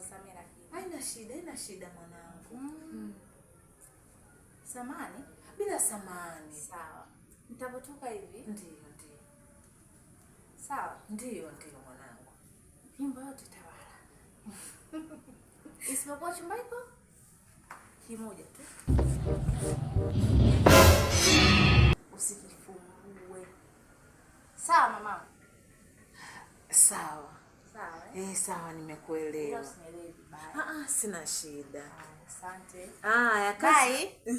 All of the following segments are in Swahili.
Samira kile. Haina shida, haina shida mwanangu. Mm. Hmm. Samani? Bila samani. Sawa. Nitapotoka hivi? Ndio, ndio. Sawa? Ndio, ndio mwanangu. Nyumba yote tawala. Isipokuwa chumba hiko kimoja tu. Usikifungue. Sawa mama. Sawa. Sawa. Eh? eh, sawa nimekuelewa. Ah, ah, sina shida. Asante. Ah, Haya, kazi.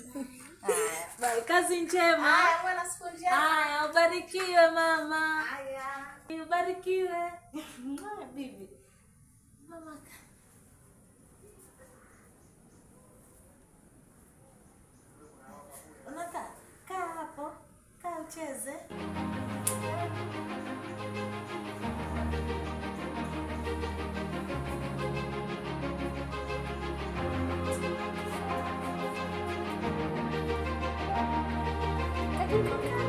Bye. Kazi njema. Haya, bwana siku njema. Haya, ubarikiwe mama. Haya. Ubarikiwe. Bibi. Mama. Unaka kaa hapo, kaa ucheze. Thank you.